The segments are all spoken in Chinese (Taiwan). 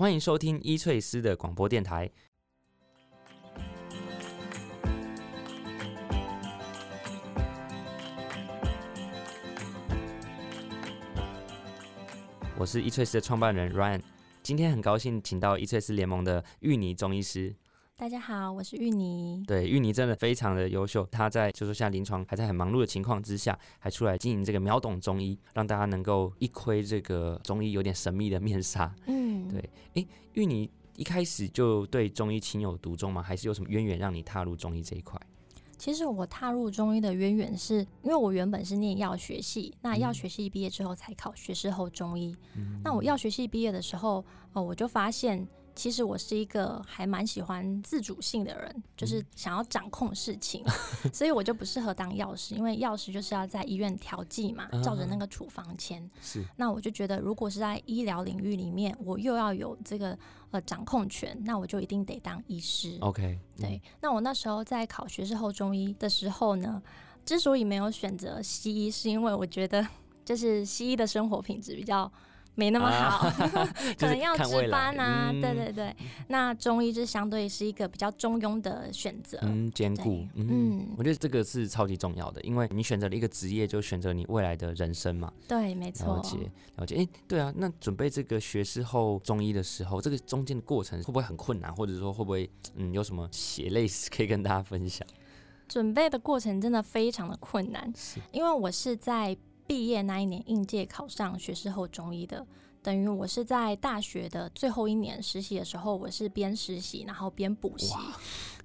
歡迎收聽醫淬思的廣播電台。我是醫淬思的創辦人 Ryan，今天很高興請到醫淬思聯盟的芋泥中醫師。大家好，我是芋泥。對，芋泥真的非常的優秀，她在就是說現在臨床還在很忙碌的情況之下，還出來經營這個秒懂中醫，讓大家能夠一窺這個中醫有點神祕的面紗。嗯，對，哎，芋泥一開始就對中醫情有獨鍾嗎？還是有什麼淵源讓你踏入中醫這一塊？其實我踏入中醫的淵源是因為我原本是念藥學系，那藥學系畢業之後才考學士後中醫。嗯，那我藥學系畢業的時候，哦，我就發現。其實我是一個還蠻喜歡自主性的人，就是想要掌控事情，嗯、 所以我就不適合當藥師，因為藥師就是要在醫院調劑嘛，照着那個處方簽。是，那我就覺得如果是在醫療領域裡面，我又要有這個呃掌控權，那我就一定得當醫師。OK，嗯、對。那我那時候在考學士後中醫的時候呢，之所以沒有選擇西醫，是因為我覺得就是西醫的生活品質比較沒那麼好，啊、可能要值班啊、就是看未來嗯。對對對，那中醫就相對是一個比較中庸的選擇，嗯，兼顧，嗯，我覺得這個是超級重要的，嗯、因為你選擇了一個職業，就選擇你未來的人生嘛。對，沒錯。了解，了解。哎、欸，對啊，那準備這個學士後中醫的時候，這個中間的過程會不會很困難，或者說會不會，嗯，有什麼血淚史可以跟大家分享？準備的過程真的非常的困難，是因為我是在。畢業那一年應屆考上學士後中醫的，等於我是在大學的最後一年實習的時候，我是邊實習然後邊補習，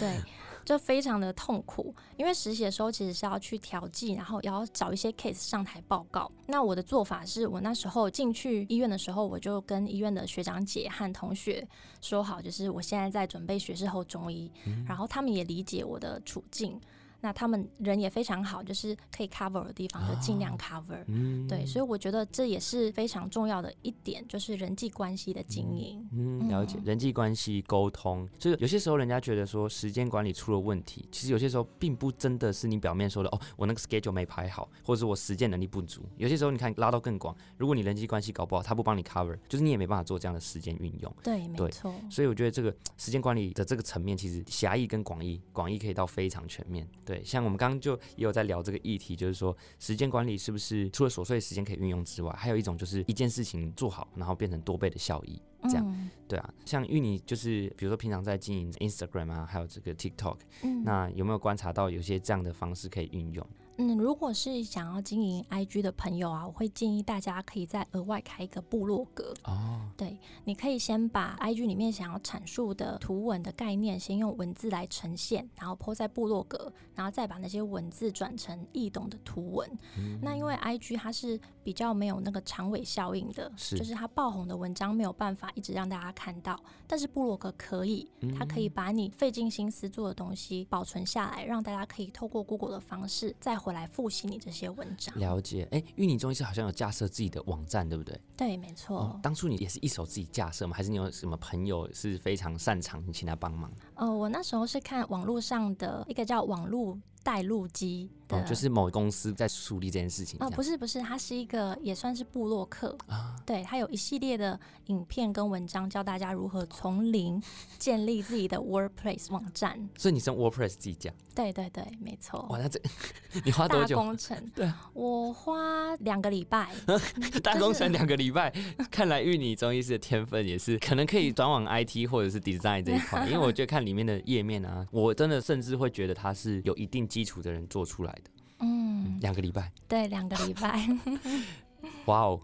對，就非常的痛苦，因為實習的時候其實是要去調劑，然後也要找一些 case 上台報告。那我的做法是我那時候進去醫院的時候，我就跟醫院的學長姐和同學說好，就是我現在在準備學士後中醫，嗯、然後他們也理解我的處境。那他們人也非常好，就是可以 cover 的地方就盡量 cover、啊。嗯，對，所以我覺得這也是非常重要的一點，就是人際關係的經營、嗯。嗯，了解、嗯、人際關係溝通，就是有些時候人家覺得說，時間管理出了問題，其實有些時候並不真的是你表面說的哦，我那個 schedule 沒排好，或者是我實踐能力不足。有些時候你看拉到更廣，如果你人際關係搞不好，他不幫你 cover，就是你也沒辦法做這樣的時間運用。對，對沒錯。所以我覺得這個時間管理的這個層面，其實狹義跟廣義，廣義可以到非常全面。對。像我們剛剛就也有在聊這個議題，就是說時間管理是不是除了瑣碎時間可以運用之外，還有一種就是一件事情做好，然後變成多倍的效益，這樣、嗯、對啊。像芋泥就是比如說平常在經營 Instagram 啊，還有這個 TikTok，那有沒有觀察到有些這樣的方式可以運用？嗯，如果是想要經營 IG 的朋友啊，我會建議大家可以再額外開一個部落格哦。Oh. 對，你可以先把 IG 裡面想要闡述的圖文的概念，先用文字來呈現，然後鋪在部落格，然後再把那些文字轉成易懂的圖文。Mm -hmm. 那因為 IG 它是比較沒有那個長尾效應的是，就是它爆紅的文章沒有辦法一直讓大家看到，但是部落格可以，它可以把你費盡心思做的東西保存下來，讓大家可以透過 Google 的方式再。我來複習你這些文章，了解。哎、欸，芋泥中醫師好像有架設自己的網站，對不對？對，沒錯、哦。當初你也是一手自己架設嗎？還是你有什麼朋友是非常擅長，你請他幫忙？哦、呃，我那時候是看網絡上的一個叫“網絡”。帶路機，哦，就是某公司在處理這件事情哦，不是不是，它是一個也算是部落客。啊，對，它有一系列的影片跟文章，教大家如何從零建立自己的 WordPress 網站。所以你是用 WordPress 自己建。對對對，沒錯。哇，那這你花多久？大工程？對，我花兩個禮拜。 大工程兩個禮拜，就是，看來芋泥中醫師的天分也是，可能可以轉往 IT 或者是 design 這一塊， 因為我覺得看裡面的頁面啊，我真的甚至會覺得它是有一定基礎的人做出來的，嗯，兩個禮拜，對，兩個禮拜，哇哦。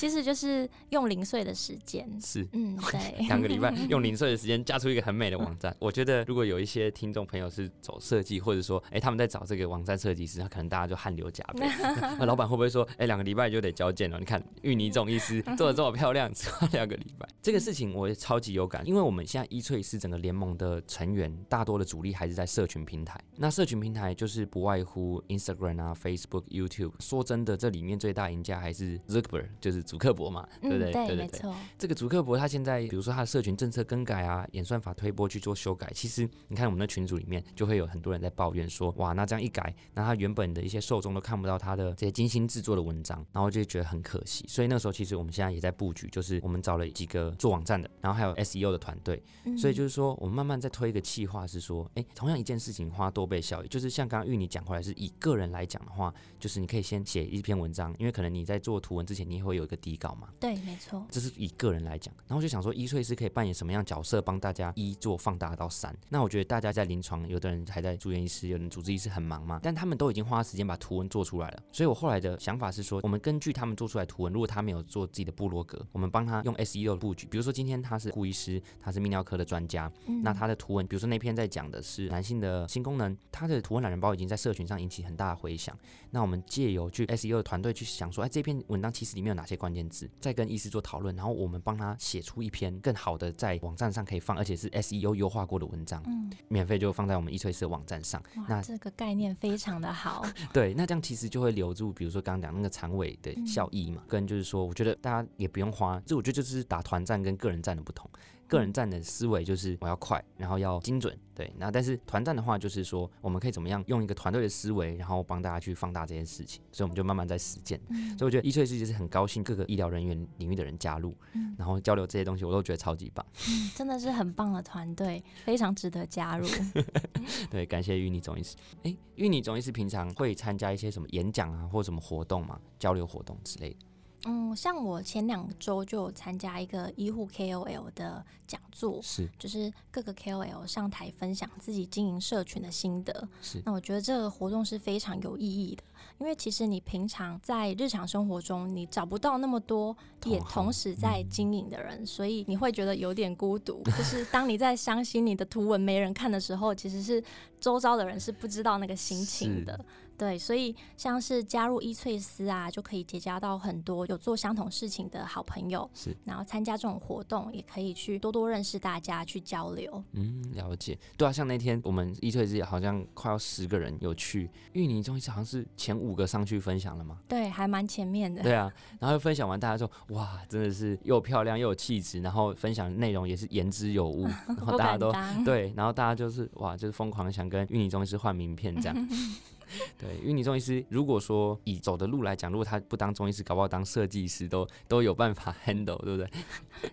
其實就是用零碎的時間，是，嗯，對，兩個禮拜用零碎的時間，架出一個很美的網站。 我覺得如果有一些聽眾朋友是走設計、嗯，或者說，哎、欸，他們在找這個網站設計師，可能大家就汗流浹背。那 老闆會不會說，哎、欸，兩個禮拜就得交件了？你看芋泥這種意思做得這麼漂亮，只花兩個禮拜。這個事情我也超級有感，因為我們現在醫淬思是整個聯盟的成員，大多的主力還是在社群平台。那社群平台就是不外乎 Instagram 啊、Facebook、YouTube。說真的，這裡面最大贏家還是 Zuckerberg，就是。祖克伯嘛，對不對？嗯、對，對對，對沒錯。這個祖克伯他現在，比如說他的社群政策更改啊，演算法推播去做修改，其實你看我們的群組裡面就會有很多人在抱怨說，哇，那這樣一改，那他原本的一些受眾都看不到他的這些精心制作的文章，然後就覺得很可惜。所以那時候其實我們現在也在布局，就是我們找了幾個做網站的，然後還有 SEO 的團隊，所以就是說我們慢慢在推一個計劃，是說，哎，同樣一件事情花多倍效益，就是像剛剛芋泥講過來，是以個人來講的話，就是你可以先寫一篇文章，因為可能你在做圖文之前，你也會有一個。底稿嘛，對，沒錯，這是以個人來講，然後就想說醫淬思可以扮演什麼樣的角色，幫大家一做放大到三。那我覺得大家在臨床，有的人還在住院醫師，有人主治醫師很忙嘛，但他們都已經花了時間把圖文做出來了。所以我後來的想法是說，我們根據他們做出來圖文，如果他沒有做自己的部落格，我們幫他用 SEO 的佈局。比如說今天他是顧醫師，他是泌尿科的專家，嗯，那他的圖文，比如說那篇在講的是男性的性功能，他的圖文懶人包已經在社群上引起很大的回響。那我們借由去 SEO 的團隊去想說，哎，這篇文章其實裡面有哪些關係？在再跟醫師做討論，然後我們幫他寫出一篇更好的在網站上可以放，而且是 SEO 優化過的文章，嗯，免費就放在我們醫淬思的網站上。那這個概念非常的好， 對，那這樣其實就會留住，比如說剛剛講那個長尾的效益嘛、嗯，跟就是說，我覺得大家也不用花，這我覺得就是打團戰跟個人戰的不同。個人戰的思維就是我要快，然後要精準，對。那但是團戰的話，就是說我們可以怎麼樣用一個團隊的思維，然後幫大家去放大這件事情。所以我們就慢慢在實踐、嗯。所以我覺得醫淬思就是很高興各個醫療人員領域的人加入，嗯、然後交流這些東西，我都覺得超級棒。嗯、真的是很棒的團隊， 非常值得加入。 對，感謝芋泥總醫師。誒、欸，芋泥總醫師平常會參加一些什麼演講啊，或者什麼活動嘛，交流活動之類的。嗯，像我前兩周就有參加一個醫護 KOL 的講座，是就是各個 KOL 上台分享自己經營社群的心得。是，那我覺得這個活動是非常有意義的，因為其實你平常在日常生活中，你找不到那麼多也同時在經營的人，嗯、所以你會覺得有點孤獨。就是當你在傷心你的圖文沒人看的時候， 其實是周遭的人是不知道那個心情的。對，所以像是加入醫淬思啊，就可以結交到很多有做相同事情的好朋友。是，然後參加這種活動，也可以去多多認識大家，去交流。嗯，了解。對啊，像那天我們醫淬思好像快要十個人有去，芋泥中醫師好像是前五個上去分享了嗎？對，還蠻前面的。對啊，然後分享完，大家說哇，真的是又漂亮又有氣質，然後分享內容也是言之有物，啊、然後大家都對，然後大家就是哇，就是瘋狂想跟芋泥中醫師換名片這樣。 對，因為你中醫師，如果說以走的路來講，如果他不當中醫師，搞不好當設計師都都有辦法 handle，對不對？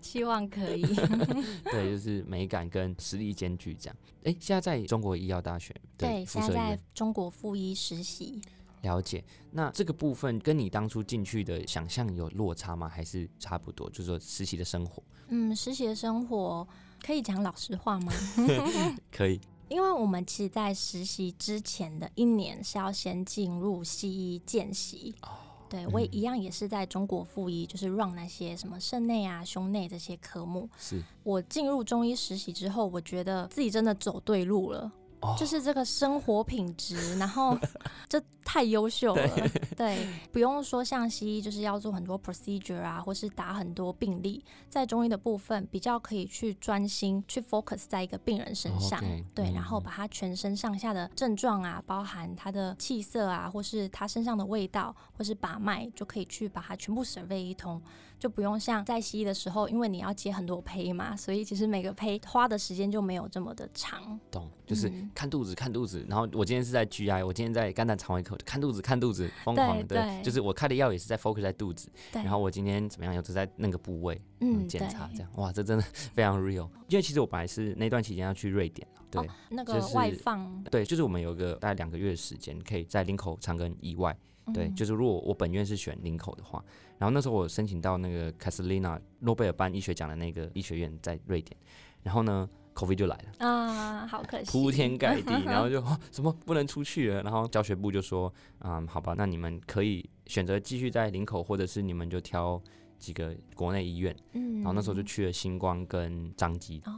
希望可以。 對，就是美感跟實力兼具這樣。哎、欸，現在在中國醫藥大學，對，對現在，在中國附醫實習。了解。那這個部分跟你當初進去的想象有落差嗎？還是差不多？就是、說實習的生活。嗯，實習的生活可以講老實話嗎？ 可以。因為我們其實，在實習之前的一年是要先進入西醫見習，oh, 對，我也一樣，也是在中國附醫，就是 run 那些什麼腎內啊、胸內這些科目。是，我進入中醫實習之後，我覺得自己真的走對路了。Oh. 就是這個生活品質，然後 這太優秀了對，對，不用說像西醫，就是要做很多 procedure 啊，或是打很多病例，在中醫的部分，比較可以去專心去 focus 在一個病人身上，oh, okay. 對，然後把他全身上下的症狀啊，包含他的氣色啊，或是他身上的味道，或是把脈，就可以去把他全部 survey 一通。就不用像在西醫的時候，因為你要接很多胚嘛，所以其實每個胚花的時間就沒有這麼的長。懂，就是看肚子看肚子，然後我今天是在 GI，我今天在肝膽腸胃科看肚子看肚子，瘋狂的對對，就是我開的藥也是在 focus 在肚子。然後我今天怎麼樣，也是在那個部位嗯檢查這樣，哇，這真的非常 real。因為其實我本來是那段期間要去瑞典，對，哦、那個外放，就是。對，就是我們有一個大概兩個月的時間，可以在林口長庚以外。對，就是如果我本院是選林口的話，然後那時候我申請到那個 Karolinska 諾貝爾頒醫學獎的那個醫學院在瑞典，然後呢，COVID 就來了啊，好可惜，鋪天蓋地，然後就什麼不能出去了，然後教學部就說，嗯，好吧，那你們可以選擇繼續在林口，或者是你們就挑幾個國內醫院，嗯，然後那時候就去了新光跟彰基，哦，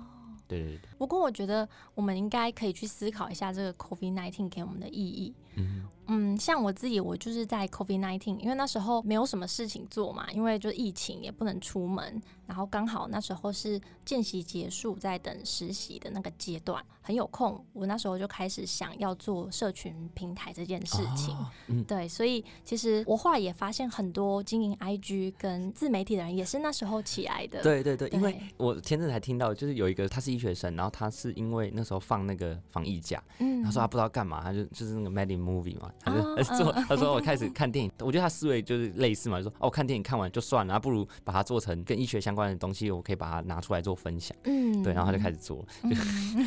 對對對，不過我覺得我們應該可以去思考一下這個 COVID-19 給我們的意義。嗯，像我自己，我就是在 COVID nineteen，因為那時候沒有什麼事情做嘛，因為就疫情也不能出門，然後剛好那時候是見習結束，在等實習的那個階段，很有空。我那時候就開始想要做社群平台這件事情。啊、嗯，對，所以其實我後來也發現很多經營 IG 跟自媒體的人，也是那時候起來的。對對對，對因為我前陣才聽到，就是有一個他是醫學生，然後他是因為那時候放那個防疫假，然後他說他不知道幹嘛、嗯，他就就是那個 Medium。movie、啊、嘛、啊啊啊，他就、啊啊啊啊、他說我開始看電影，我覺得他思維就是類似嘛，就說哦，啊、我看電影看完就算了，還不如把它做成跟醫學相關的東西，我可以把它拿出來做分享。嗯，對，然後他就開始做。嗯對，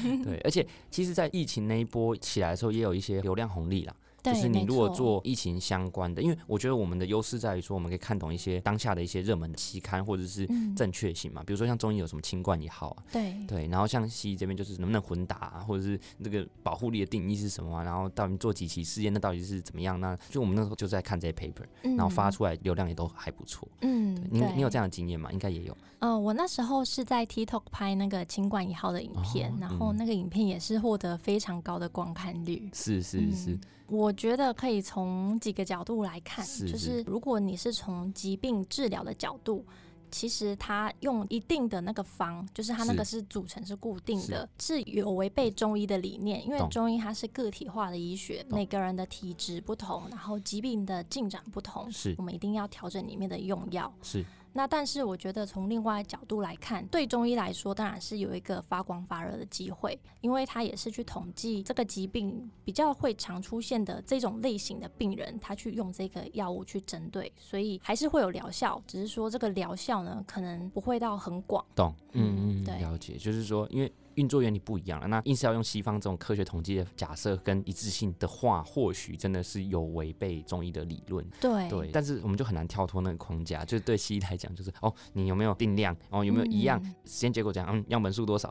嗯、對，而且其實，在疫情那一波起來的時候，也有一些流量紅利啦。就是你如果做疫情相關的，因為我覺得我們的優勢在於說，我們可以看懂一些當下的一些熱門期刊或者是正確性嘛、嗯。比如說像中醫有什麼清冠一號、啊，對對。然後像西醫這邊就是能不能混打、啊，或者是那個保護力的定義是什麼、啊，然後到底做幾期試驗，那到底是怎麼樣、啊？那就我們那時候就在看這些 paper，然後發出來流量也都還不錯。嗯，你你有這樣的經驗嗎？應該也有。嗯、呃，我那時候是在 TikTok 拍那個清冠一號的影片，哦嗯、然後那個影片也是獲得非常高的觀看率。嗯、是是是，嗯、我。我覺得可以從幾個角度來看，是是就是如果你是從疾病治療的角度，其實他用一定的那個方，就是他那個是組成是固定的，是，是，是有違背中醫的理念，因為中醫它是個體化的醫學，每個人的體質不同，然後疾病的進展不同，我們一定要調整裡面的用藥。是。那但是我覺得從另外角度來看，對中醫來說當然是有一個發光發熱的機會，因為它也是去統計這個疾病比較會常出現的這種類型的病人，他去用這個藥物去針對，所以還是會有療效，只是說這個療效呢，可能不會到很廣。懂，嗯嗯對，了解，就是說因為。運作原理不一樣了，那硬是要用西方這種科學統計的假設跟一致性的話，或許真的是有違背中醫的理論。對，但是我們就很難跳脫那個框架。就對西醫來講，就是哦，你有沒有定量？哦，有沒有一樣實驗結果？嗯，講，嗯，樣本數多少？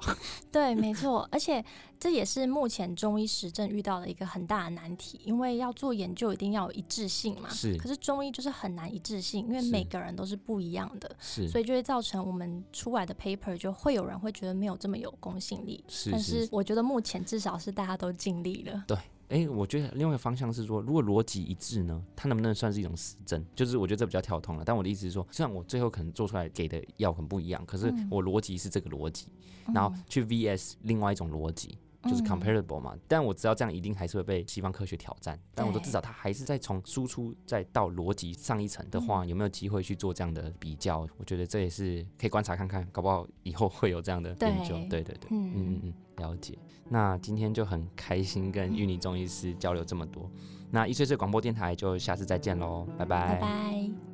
對，沒錯。 而且這也是目前中醫實證遇到的一個很大的難題，因為要做研究一定要有一致性嘛。是，可是中醫就是很難一致性，因為每個人都是不一樣的，是，所以就會造成我們出來的 paper 就會有人會覺得沒有這麼有貢獻。盡力，但是我覺得目前至少是大家都盡力了。對，誒、欸，我覺得另外一個方向是說，如果邏輯一致呢，它能不能算是一種實證？就是我覺得這比較跳通了。但我的意思是說，雖然我最後可能做出來給的藥很不一樣，可是我邏輯是這個邏輯，嗯嗯，然後去 vs 另外一種邏輯。就是 comparable 嘛、嗯，但我知道這樣一定還是會被西方科學挑戰，但我說至少它還是在從輸出再到邏輯上一層的話、嗯，有沒有機會去做這樣的比較、嗯？我覺得這也是可以觀察看看，搞不好以後會有這樣的研究。對對，對對，嗯嗯嗯，了解。那今天就很開心跟芋泥中醫師交流這麼多，嗯、那醫淬思廣播電臺就下次再見嘍、嗯，拜拜。拜拜